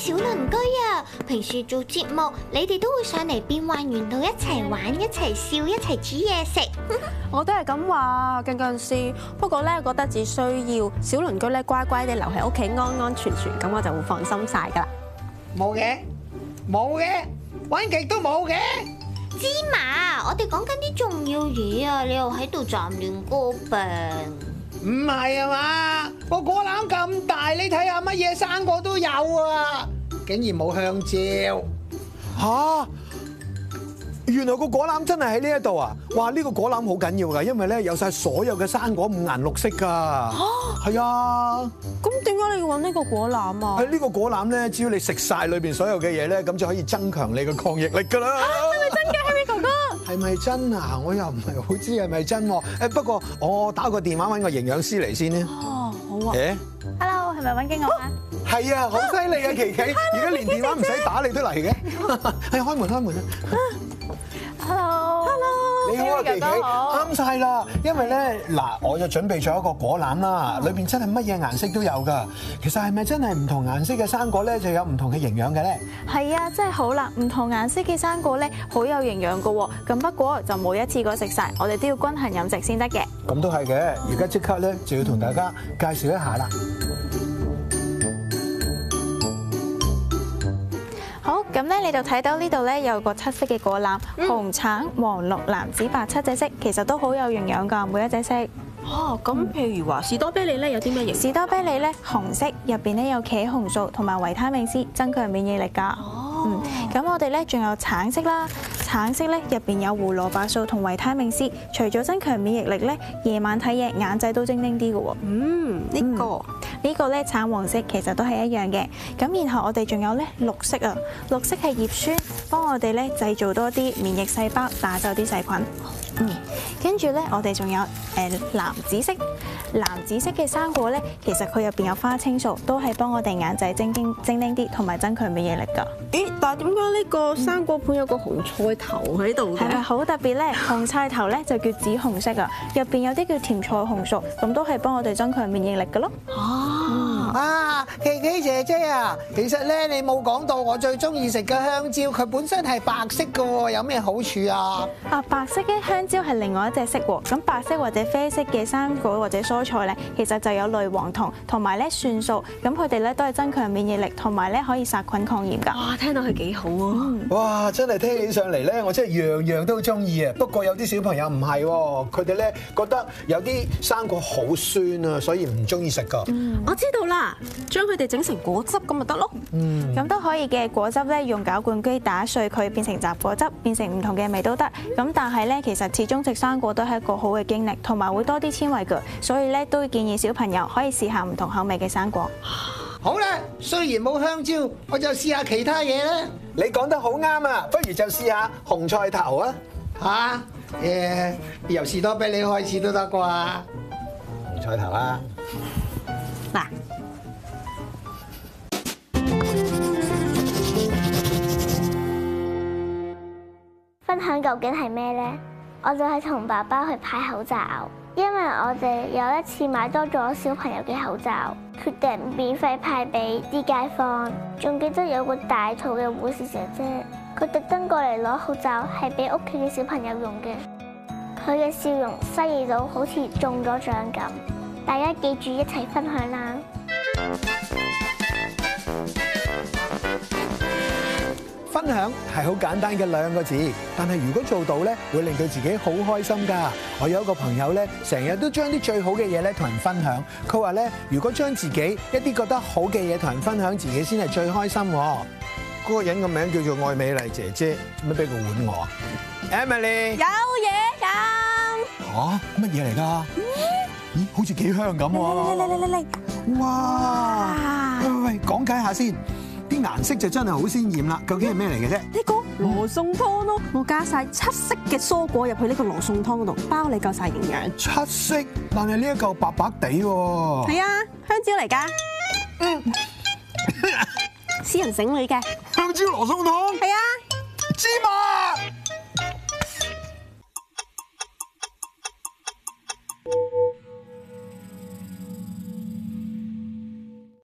小鄰居啊，平時做節目，你哋都會上嚟變幻園度一齊玩、一齊笑、一齊煮嘢食。 我都係咁話，金剛師。不過咧，我覺得只需要小鄰居咧乖乖哋留喺屋企，安安全全咁，我就會放心晒噶啦。冇嘅，冇嘅，玩極都冇嘅。芝麻，我哋講緊啲重要嘢啊，你又喺度撞亂歌柄。唔係啊嘛，個果籃咁大，你睇下乜嘢生果都有啊！竟然冇香蕉吓，原來個果籃真係喺呢一度啊！哇，呢、這個果籃好緊要㗎，因為咧有晒所有嘅生果，五顏六色㗎。哦，係啊。咁點解你要搵呢個果籃啊？喺、這、呢個果籃咧，只要你食晒裏邊所有嘅嘢咧，咁就可以增強你嘅抗逆力㗎啦。啊真嘅，Harry 哥哥，係咪真啊？我又唔係好知係咪真喎。誒，不過我打個電話揾個營養師嚟先咧。哦，好啊。誒，Hello，係咪揾緊我啊？係啊，好犀利啊，琪琪！而家連電話唔使打你都嚟嘅。係，開門開門啊！Hello。啱晒啦，因為咧嗱、啊，我就準備咗一個果籃啦，裏邊真係乜嘢顏色都有噶。其實係咪真係唔同顏色嘅生果咧就有唔同嘅營養嘅咧？係啊，真係好啦，唔同顏色嘅生果咧好有營養噶。咁不過就冇一次過食晒，我哋都要均衡飲食先得嘅。咁都係嘅，而家即刻咧就要同大家介紹一下啦。咁咧，你就睇到呢度咧有個七色嘅果籃，紅、橙、黃、綠、藍、紫、白七隻色，其實都好有營養噶，每一隻色。哦，咁譬如話士多啤梨咧有啲咩嘢？士多啤梨咧紅色，入邊咧有茄紅素同埋維他命 C，增強免疫力噶。哦。咁我哋咧仲有橙色啦，橙色咧入邊有胡蘿蔔素同維他命 C，除咗增強免疫力咧，夜晚睇嘢眼仔都精靈啲噶喎。嗯，呢、呢個呢、嗯呢個咧橙黃色其實都係一樣嘅。咁然後我哋仲有咧綠色啊，綠色係葉酸，幫我哋咧製造多啲免疫細胞，打走啲細菌。嗯，跟住咧我哋仲有誒、呃、藍紫色，藍紫色嘅生果咧，其實佢入邊有花青素，都係幫我哋眼仔精靈精靈啲，同埋增強免疫力噶。咦，呢個生果盤有個紅菜頭喺度嘅，係咪好特別咧？紅菜頭咧就叫紫紅色啊，入邊有啲叫甜菜紅素，咁都係幫我哋增強免疫力㗎囉。啊，琪琪姐姐啊，其實咧你冇講到我最中意食嘅香蕉，佢本身係白色嘅喎，有咩好處啊？啊，白色嘅香蕉係另外一隻色喎。咁白色或者啡色嘅生果或者蔬菜咧，其實就有類黃酮同埋咧蒜素，咁佢哋咧都係增強免疫力同埋咧可以殺菌抗炎㗎。哇，聽到佢幾好喎！哇，真係聽起上嚟咧，我真係樣樣都中意啊。不過有啲小朋友唔係喎，佢哋咧覺得有啲生果好酸啊，所以唔中意食㗎。嗯，我知道啦。將佢哋整成果汁咁咪得咯，咁都可以嘅，嗯。果汁咧用攪拌機打碎佢，變成雜果汁，變成唔同嘅味都得。咁但係咧，其實始終食生果都係一個好嘅經歷，同埋會多啲纖維嘅，所以咧都建議小朋友可以試下唔同口味嘅生果。好啦，雖然冇香蕉，我就試下其他嘢啦。你講得好啱啊，不如就試下紅菜頭啊。吓，誒，由士多啤梨開始都得啩？紅菜頭啊。分享究竟係咩呢？我就係同爸爸去派口罩，因為我哋有一次買多咗小朋友嘅口罩，決定免費派俾啲街坊。仲記得有個大肚嘅護士姐姐，佢特登過嚟攞口罩，係俾屋企嘅小朋友用嘅。佢嘅笑容犀利到好似中咗獎咁。大家記住一齊分享啦！ 分享係好簡單嘅兩個字，但係如果做到咧，會令到自己好開心噶。我有一個朋友咧，成日都將啲最好嘅嘢咧同人分享。佢話咧，如果將自己一啲覺得好嘅嘢同人分享，自己先係最開心。嗰個人嘅名叫做愛美麗姐姐，做咩俾個碗我？Emily 有嘢飲嚇？乜嘢嚟㗎？咦、嗯，好似幾香咁喎！嚟嚟嚟嚟嚟！哇！喂喂哇喂，講解下先。啲顏色就真係好鮮艷啦！究竟係咩嚟嘅啫？呢個羅宋湯咯，我加晒七色嘅蔬果入去呢個羅宋湯度，包你夠晒營養。七色，但係呢一嚿白白哋喎。係啊，香蕉嚟㗎。嗯， 私人整理嘅香蕉羅宋湯，係啊的，芝麻。